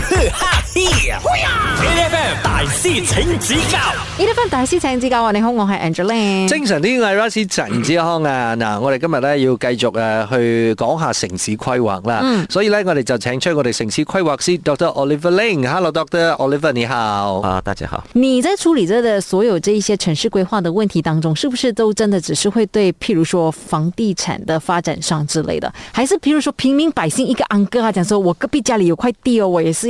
哈,哈 大師請指教。A. D. 大師請指教。你好， 我係 Angeline 精神啲嘅 Rusty 陳志康啊，嗱，我哋今日咧要繼續誒去講下城市規劃啦。嗯， 所以咧我哋就請出我哋城市規劃師 doctor Oliver Ling。Hello，doctor Oliver，你好。啊，大家好。你在處理這的所有這一些城市規劃的問題當中，是不是都真的只是會對譬如說房地產的發展商之類的，還是譬如說平民百姓一個安哥，他講說我隔壁家裏有塊地哦，我也是。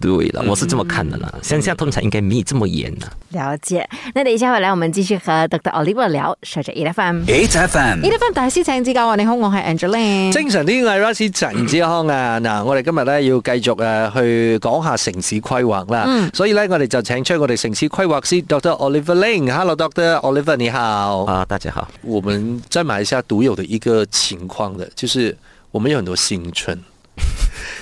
對了我是這麼看的啦，鄉下、嗯、通常應該沒這麼嚴啦。了解，那等一下回來，我們繼續和 Dr. Oliver 聊。說着 HFM，HFM，HFM 大師請指教，你好，啊嗯，我是 Angeline。精神啲嘅 Russi 陳志康啊，嗱，我哋今日咧要繼續誒、啊、去講一下城市規劃啦。嗯、所以咧我哋就請出我哋城市規劃師 Dr. Oliver Ling。Hello，Dr. Oliver，你好。啊，大家好。我們在馬來西亞獨有的一個情況嘅，就是我們有很多新村。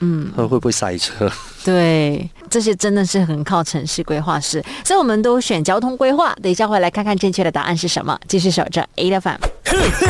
嗯，佢會唔會塞車？對，這些真的是很靠城市規劃師，所以我們都選交通規劃。等一下回來，看看正確的答案是什麼。繼續守着 Elephant 呵呵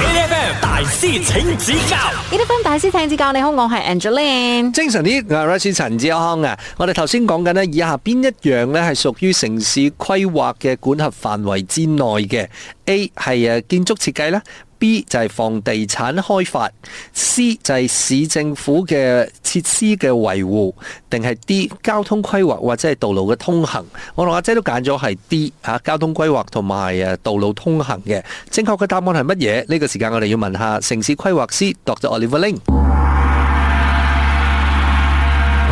Elephant 大師請指教。Elephant 大師請指教，你好，我係 Angeline 精神啲，陳志康啊，我哋頭先講緊咧以下邊一樣咧係屬於城市規劃嘅管轄範圍之內嘅，A 係啊建築設計啦。B 就係房地產開發，C 就係市政府嘅設施嘅維護，定係 D 交通規劃或者係道路嘅通行。我同阿姐都揀咗係 D 吓，啊，交通規劃同埋誒道路通行嘅。正確嘅答案係乜嘢？呢，這個時間我哋要問一下城市規劃師 Dr Oliver Ling。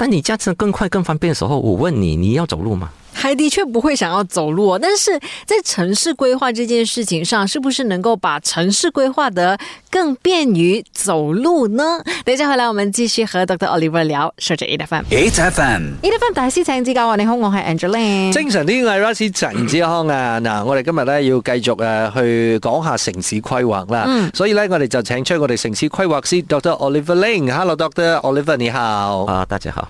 但你駕車更快、更方便的時候，我問你，你要走路嗎？還的確不會想要走路，但是在城市規劃這件事情上，是不是能夠把城市規劃得更便於走路呢？等一下回來，我們繼續和 Dr. Oliver 聊。收聽 Eight FM。Eight FM。Eight FM。大師，請指教。你好，我是 Angeline。精神啲，我係老師陳志康啊。嗱、嗯，我哋、嗯、今日咧要繼續誒去講下城市規劃啦。嗯。所以咧，我哋就請出我哋城市規劃師 Dr. Oliver Ling。Hello，Dr. Oliver，你好。啊，大家好。